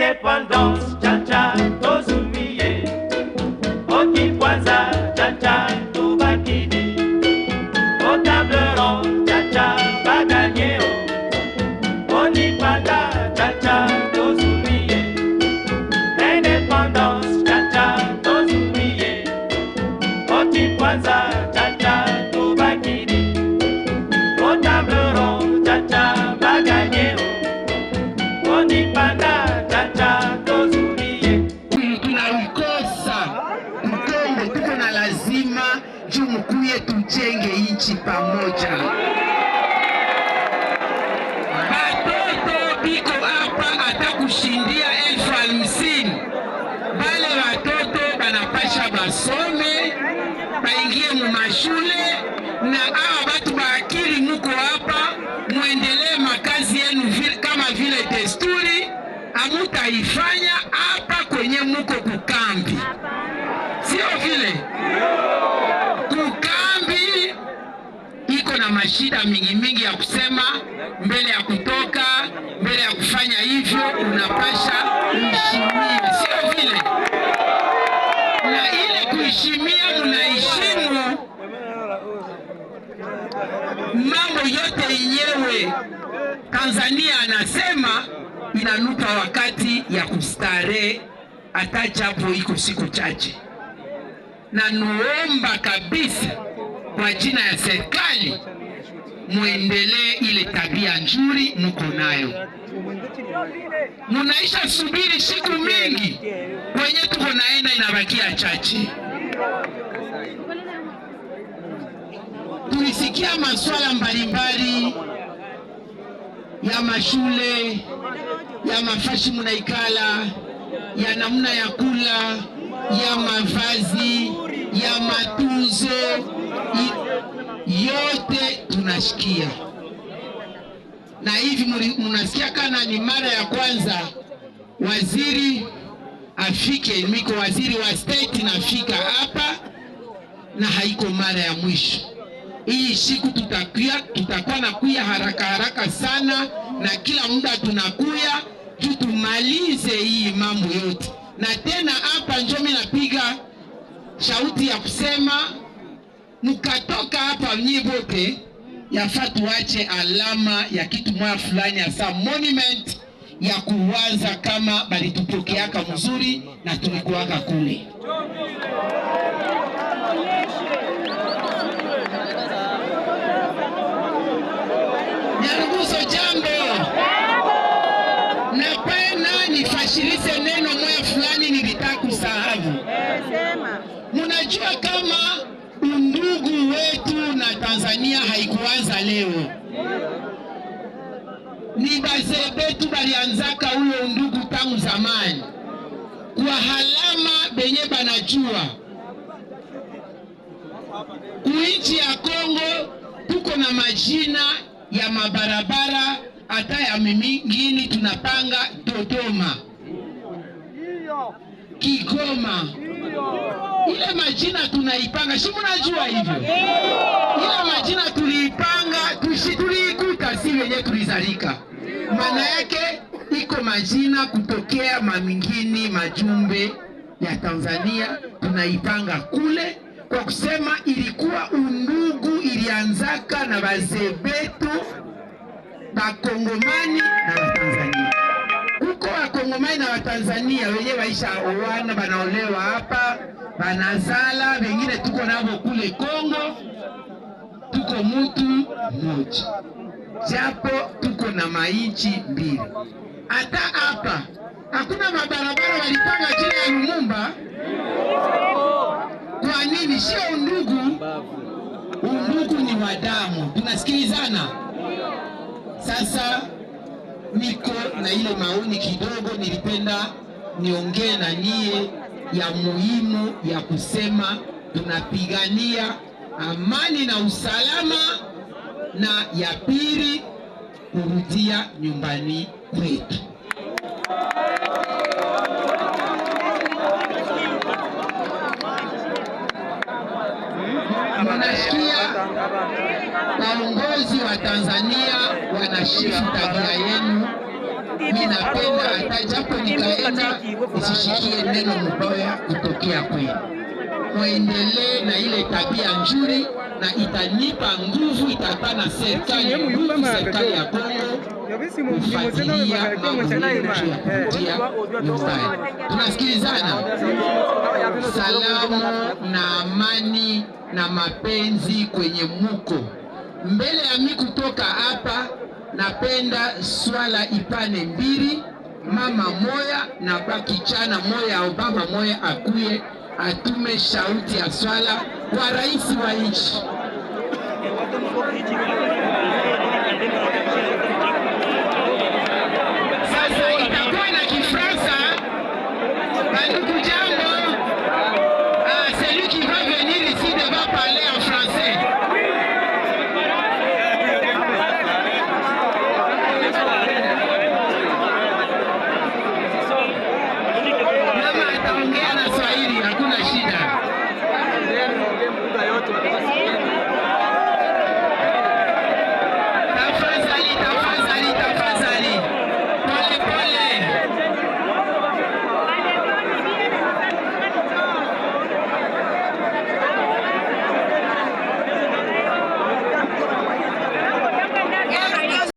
indépendance. juu mkuye tujenge nchi pamoja. Batoto biko hapa atakushindia elfu hamsini bale batoto banapasha basome baingie mu mashule na awa batu baakili, muko hapa muendelee makazi yenu kama vile desturi amutaifanya hapa kwenye muko kukambi, sio vile shida mingi mingi ya kusema mbele ya kutoka mbele ya kufanya hivyo, unapasha kuheshimia, sio vile na ile kuheshimia, unaheshimu mambo yote yenyewe Tanzania anasema inanupa wakati ya kustarehe, hata japo iko siku chache, na nuomba kabisa kwa jina ya serikali muendelee ile tabia nzuri muko nayo. Munaisha subiri siku mingi, kwenye tuko naenda inabakia chache. Tulisikia masuala mbalimbali ya mashule ya mafashi munaikala ya namna ya kula ya mavazi ya matunzo yote mnashikia, na hivi mnasikia kana ni mara ya kwanza waziri afike, niko waziri wa state nafika hapa, na haiko mara ya mwisho. Hii siku tutakuya tutakuwa nakuya haraka haraka sana, na kila muda tunakuya tutumalize tumalize hii mambo yote. Na tena hapa njo mimi napiga shauti ya kusema mkatoka hapa nyinyi wote yafaa tuache alama ya kitu moya fulani, hasa monument ya kuwaza kama balitupokeaka mzuri na tulikuwaka kule. Nyaruguso, jambo. napena nifashirise neno moya fulani nilitaka kusahau. Munajua kama Tanzania haikuanza leo, ni bazee betu balianzaka huyo ndugu tangu zamani, kwa halama benye banajua kuinchi ya Kongo. Tuko na majina ya mabarabara hata ya mimingini, tunapanga Dodoma, Kigoma, ile majina tunaipanga, si mnajua hivyo. Ile jina tuliipanga tuliikuta, si wenye tulizalika. Maana yake iko majina kutokea mamingini majumbe ya Tanzania, tunaipanga kule kwa kusema ilikuwa undugu ilianzaka na wazee wetu Bakongomani na Watanzania. Huko Wakongomani na Watanzania wenyewe waisha owana, banaolewa hapa, banazala, wengine tuko navo kule Kongo tuko mutu moja, japo tuko na mainchi mbili. Hata hapa hakuna mabarabara walipanga jina ya Lumumba. Kwa nini? Sio undugu, undugu ni wa damu, tunasikilizana. Sasa niko na ile maoni kidogo, nilipenda niongee na nyie ya muhimu ya kusema tunapigania amani na usalama, na ya pili kurudia nyumbani kwetu. Mnasikia waongozi wa Tanzania wanashifu tabia yenu. Mimi hata japo nikaenda nisishikie neno mbaya kutokea kwenu mwendelee na ile tabia nzuri, na itanipa nguvu, itapa na serikali nguvu, serikali ya Kongo kufatilia kupitia Tunasikilizana. Salamu na amani na mapenzi kwenye muko mbele ya mi kutoka hapa, napenda swala ipane mbili mama moya na bakichana moya au baba moya akuye atume shauti ya swala kwa rais wa nchi.